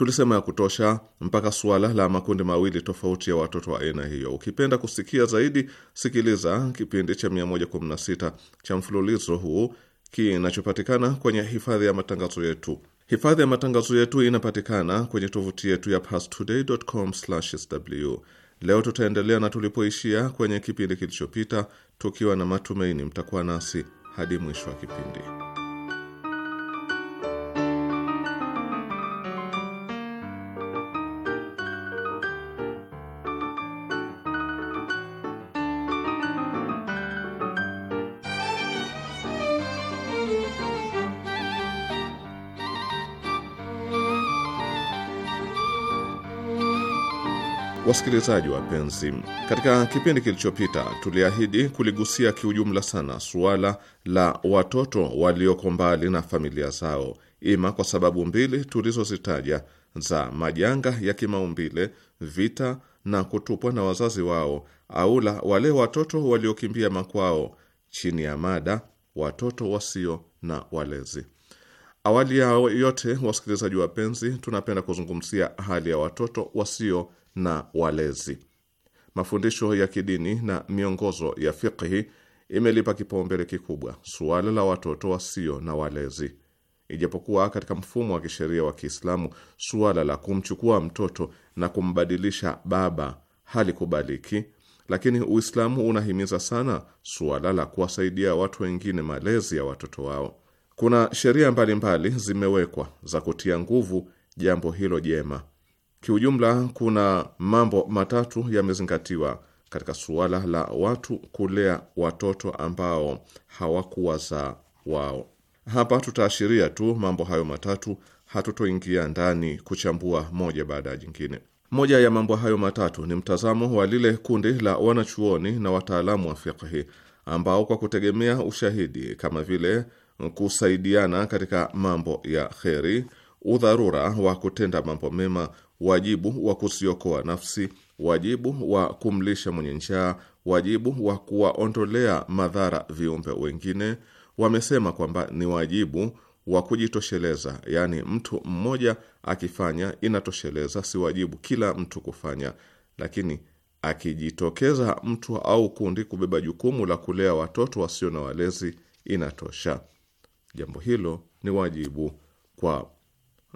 tulisema ya kutosha mpaka suala la makundi mawili tofauti ya watoto wa aina hiyo. Ukipenda kusikia zaidi, sikiliza kipindi cha 116 cha mfululizo huu kinachopatikana kwenye hifadhi ya matangazo yetu. Hifadhi ya matangazo yetu inapatikana kwenye tovuti yetu ya pastoday.com/sw. Leo tutaendelea na tulipoishia kwenye kipindi kilichopita, tukiwa na matumaini mtakuwa nasi hadi mwisho wa kipindi. Wasikilizaji wapenzi, katika kipindi kilichopita tuliahidi kuligusia kiujumla sana suala la watoto walioko mbali na familia zao, ima kwa sababu mbili tulizozitaja za majanga ya kimaumbile, vita na kutupwa na wazazi wao, au la wale watoto waliokimbia makwao, chini ya mada watoto wasio na walezi. Awali ya yote, wasikilizaji wapenzi, tunapenda kuzungumzia hali ya watoto wasio na walezi. Mafundisho ya kidini na miongozo ya fiqhi imelipa kipaumbele kikubwa suala la watoto wasio na walezi, ijapokuwa katika mfumo wa kisheria wa Kiislamu suala la kumchukua mtoto na kumbadilisha baba halikubaliki, lakini Uislamu unahimiza sana suala la kuwasaidia watu wengine malezi ya watoto wao. Kuna sheria mbalimbali zimewekwa za kutia nguvu jambo hilo jema Kiujumla, kuna mambo matatu yamezingatiwa katika suala la watu kulea watoto ambao hawakuwazaa wao. Hapa tutaashiria tu mambo hayo matatu, hatutoingia ndani kuchambua moja baada ya jingine. Moja ya mambo hayo matatu ni mtazamo wa lile kundi la wanachuoni na wataalamu wa fiqhi ambao kwa kutegemea ushahidi kama vile kusaidiana katika mambo ya kheri udharura wa kutenda mambo mema, wajibu wa kusiokoa nafsi, wajibu wa kumlisha mwenye njaa, wajibu wa kuwaondolea madhara viumbe wengine. Wamesema kwamba ni wajibu wa kujitosheleza, yaani mtu mmoja akifanya inatosheleza, si wajibu kila mtu kufanya. Lakini akijitokeza mtu au kundi kubeba jukumu la kulea watoto wasio na walezi, inatosha. Jambo hilo ni wajibu kwa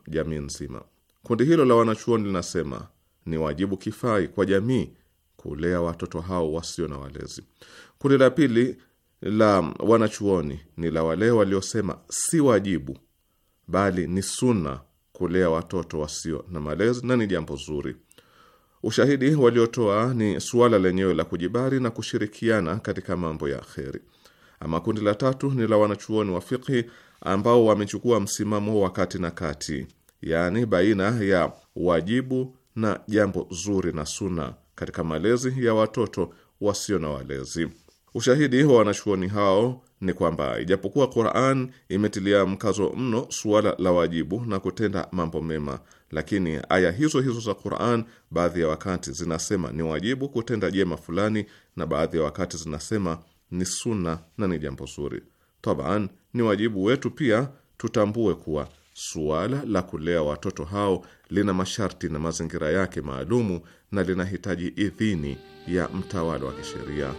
jamii nzima. Kundi hilo la wanachuoni linasema ni wajibu kifai kwa jamii kulea watoto hao wasio na walezi. Kundi la pili la wanachuoni ni la wale waliosema si wajibu bali ni suna kulea watoto wasio na malezi na ni jambo zuri. Ushahidi waliotoa ni suala lenyewe la kujibari na kushirikiana katika mambo ya kheri. Ama kundi la tatu ni la wanachuoni wa fiqhi ambao wamechukua msimamo wa kati na kati, yaani baina ya wajibu na jambo zuri na suna katika malezi ya watoto wasio na walezi. Ushahidi wa wanachuoni hao ni kwamba ijapokuwa Qur'an imetilia mkazo mno suala la wajibu na kutenda mambo mema, lakini aya hizo hizo za Qur'an baadhi ya wakati zinasema ni wajibu kutenda jema fulani, na baadhi ya wakati zinasema ni suna na ni jambo zuri. Taban, ni wajibu wetu pia tutambue kuwa suala la kulea watoto hao lina masharti na mazingira yake maalumu na linahitaji idhini ya mtawala wa kisheria.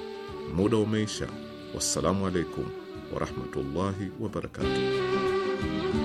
Muda umeisha. Wassalamu alaikum warahmatullahi wabarakatuh.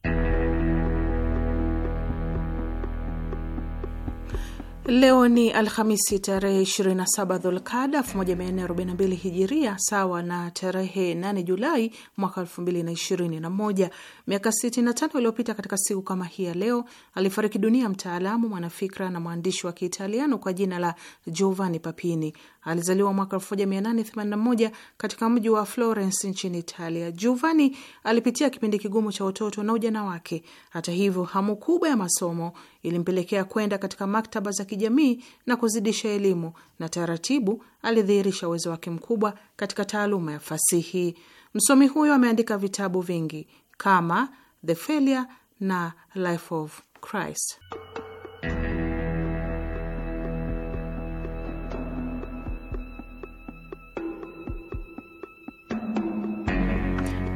Leo ni Alhamisi tarehe 27 Dhulkada 1442 Hijiria, sawa na tarehe 8 Julai mwaka 2021. Miaka 65 iliyopita katika siku kama hii ya leo alifariki dunia mtaalamu, mwanafikra na mwandishi wa Kiitaliano kwa jina la Giovanni Papini. Alizaliwa mwaka 1881 katika mji wa Florence nchini Italia. Giovanni alipitia kipindi kigumu cha utoto na ujana wake. Hata hivyo, hamu kubwa ya masomo ilimpelekea kwenda katika maktaba za kijamii na kuzidisha elimu, na taratibu alidhihirisha uwezo wake mkubwa katika taaluma ya fasihi. Msomi huyo ameandika vitabu vingi kama The Failure na Life of Christ.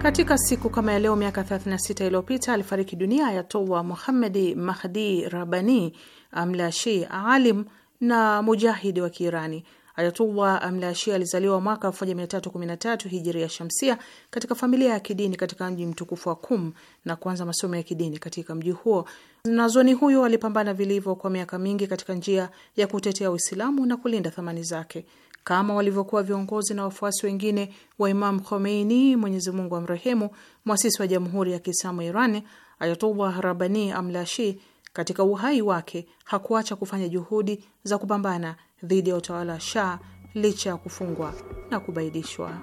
Katika siku kama ya leo miaka 36 iliyopita alifariki dunia Ayatollah Muhammadi Mahdi Rabani Amlashi, alim na mujahidi wa Kiirani. Ayatullah Amlashi alizaliwa mwaka 1313 hijiri ya shamsia katika familia ya kidini katika mji mtukufu wa Kum na kuanza masomo ya kidini katika mji huo. Nazoni huyo alipambana vilivyo kwa miaka mingi katika njia ya kutetea Uislamu na kulinda thamani zake kama walivyokuwa viongozi na wafuasi wengine wa Imam Khomeini, Mwenyezi Mungu amrehemu, mwasisi wa Jamhuri ya Kiislamu Iran, Ayatullah Rabani Amlashi katika uhai wake hakuacha kufanya juhudi za kupambana dhidi ya utawala wa Shah licha ya kufungwa na kubaidishwa.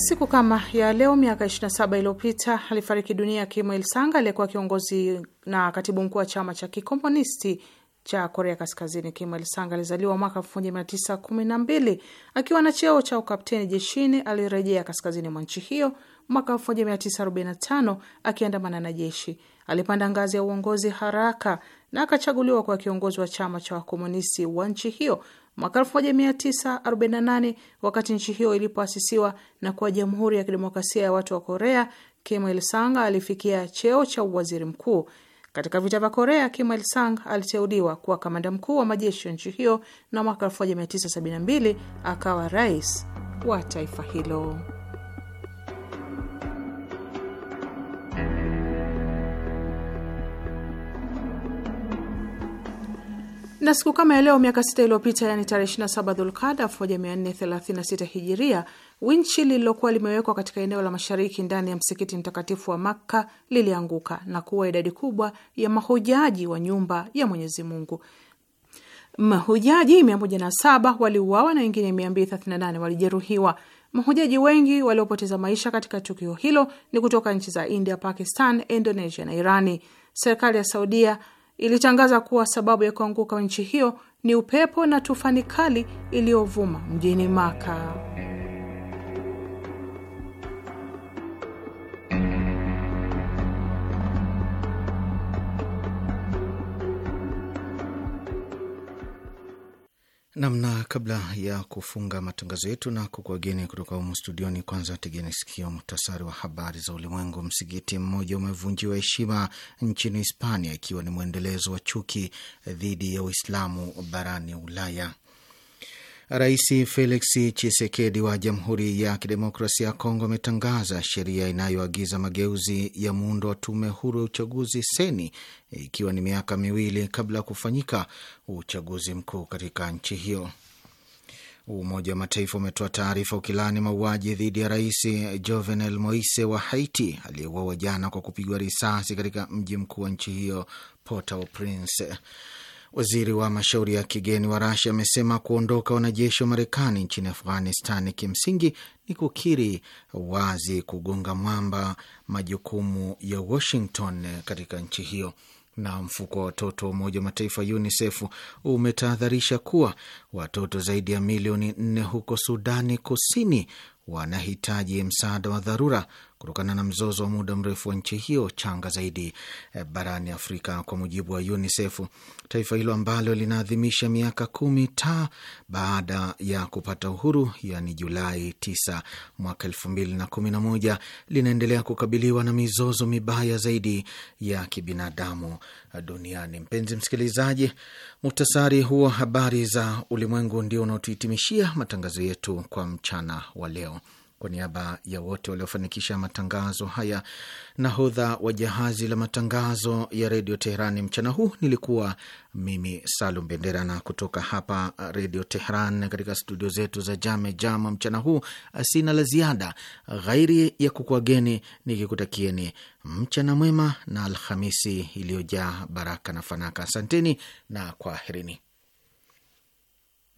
Siku kama ya leo miaka 27 iliyopita alifariki dunia Kim Il Sung, aliyekuwa kiongozi na katibu mkuu wa chama cha kikomunisti cha Korea Kaskazini. Kim Il Sung alizaliwa mwaka 1912. Akiwa na cheo cha ukapteni jeshini, alirejea kaskazini mwa nchi hiyo mwaka 1945 akiandamana na jeshi. Alipanda ngazi ya uongozi haraka na akachaguliwa kwa kiongozi wa chama cha wakomunisti wa nchi hiyo mwaka 1948 wakati nchi hiyo ilipoasisiwa na kuwa Jamhuri ya Kidemokrasia ya Watu wa Korea. Kim Il Sung alifikia cheo cha uwaziri mkuu. Katika vita vya Korea, Kim Il Sung aliteuliwa kuwa kamanda mkuu wa majeshi ya nchi hiyo na mwaka 1972 akawa rais wa taifa hilo. Na siku kama ya leo miaka sita iliyopita, yani tarehe 27 Dhulkada 1436 Hijiria, winchi lililokuwa limewekwa katika eneo la mashariki ndani ya msikiti mtakatifu wa Makka lilianguka na kuwa idadi kubwa ya mahujaji wa nyumba ya Mwenyezi Mungu. Mahujaji 107 waliuawa na wengine 238 walijeruhiwa. Mahujaji wengi waliopoteza maisha katika tukio hilo ni kutoka nchi za India, Pakistan, Indonesia na Irani. Serikali ya Saudia ilitangaza kuwa sababu ya kuanguka nchi hiyo ni upepo na tufani kali iliyovuma mjini Maka. namna. Kabla ya kufunga matangazo yetu na kukuageni kutoka humu studioni, kwanza tegeni sikio muhtasari wa habari za ulimwengu. Msikiti mmoja umevunjiwa heshima nchini Hispania, ikiwa ni mwendelezo wa chuki dhidi ya Uislamu barani Ulaya. Rais Felix Chisekedi wa Jamhuri ya Kidemokrasia ya Kongo ametangaza sheria inayoagiza mageuzi ya muundo wa tume huru ya uchaguzi seni, ikiwa ni miaka miwili kabla ya kufanyika uchaguzi mkuu katika nchi hiyo. Umoja wa Mataifa umetoa taarifa ukilani mauaji dhidi ya rais Jovenel Moise wa Haiti aliyeuawa jana kwa kupigwa risasi katika mji mkuu wa nchi hiyo Port au Prince. Waziri wa mashauri ya kigeni wa Rasia amesema kuondoka wanajeshi wa Marekani nchini Afghanistan kimsingi ni kukiri wazi kugonga mwamba majukumu ya Washington katika nchi hiyo. Na mfuko wa watoto wa Umoja wa Mataifa UNICEF umetahadharisha kuwa watoto zaidi ya milioni nne huko Sudani Kusini wanahitaji msaada wa dharura kutokana na mzozo wa muda mrefu wa nchi hiyo changa zaidi eh, barani Afrika. Kwa mujibu wa UNICEF, taifa hilo ambalo linaadhimisha miaka kumi ta baada ya kupata uhuru, yani Julai 9 mwaka 2011 linaendelea kukabiliwa na mizozo mibaya zaidi ya kibinadamu eh, duniani. Mpenzi msikilizaji, muhtasari huo habari za ulimwengu ndio unaotuhitimishia matangazo yetu kwa mchana wa leo. Kwa niaba ya wote waliofanikisha matangazo haya, nahodha wa jahazi la matangazo ya redio Teherani mchana huu nilikuwa mimi Salum Bendera, na kutoka hapa redio Teheran katika studio zetu za Jame Jama mchana huu sina la ziada ghairi ya kukuageni nikikutakieni mchana mwema na Alhamisi iliyojaa baraka na fanaka. Asanteni na kwaherini.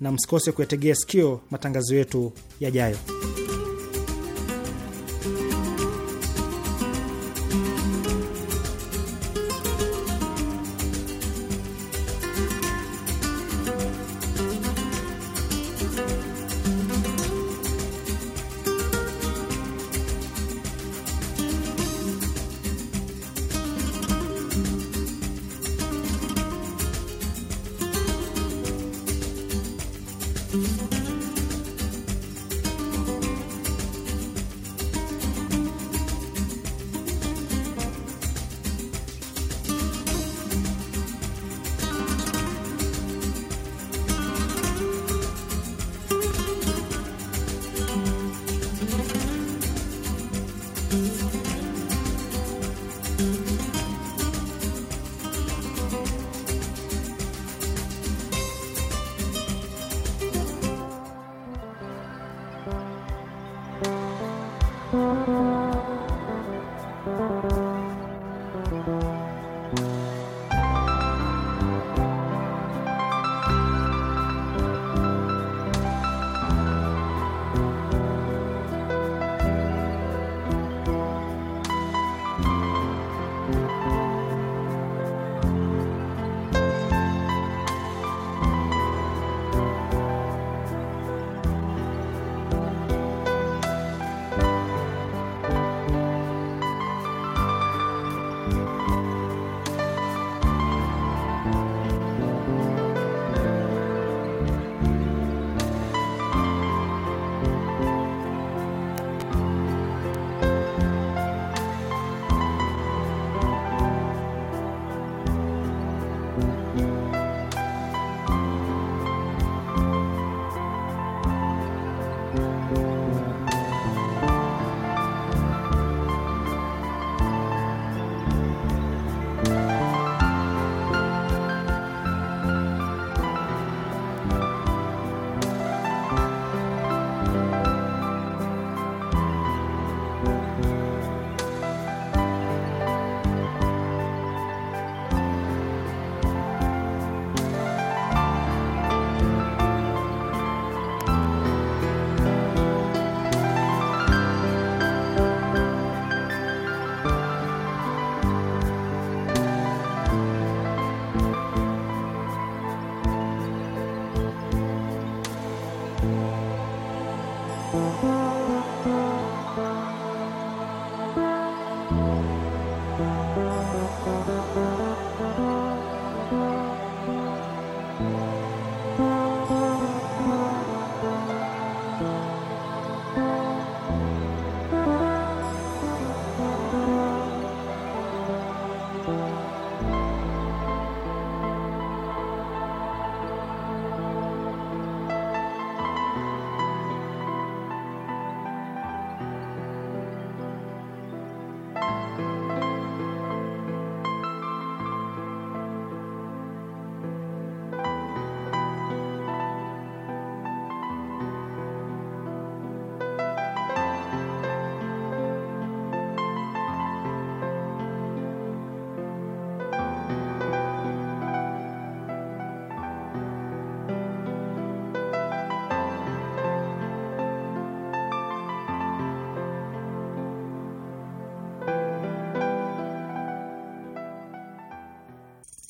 na msikose kuyategea sikio matangazo yetu yajayo.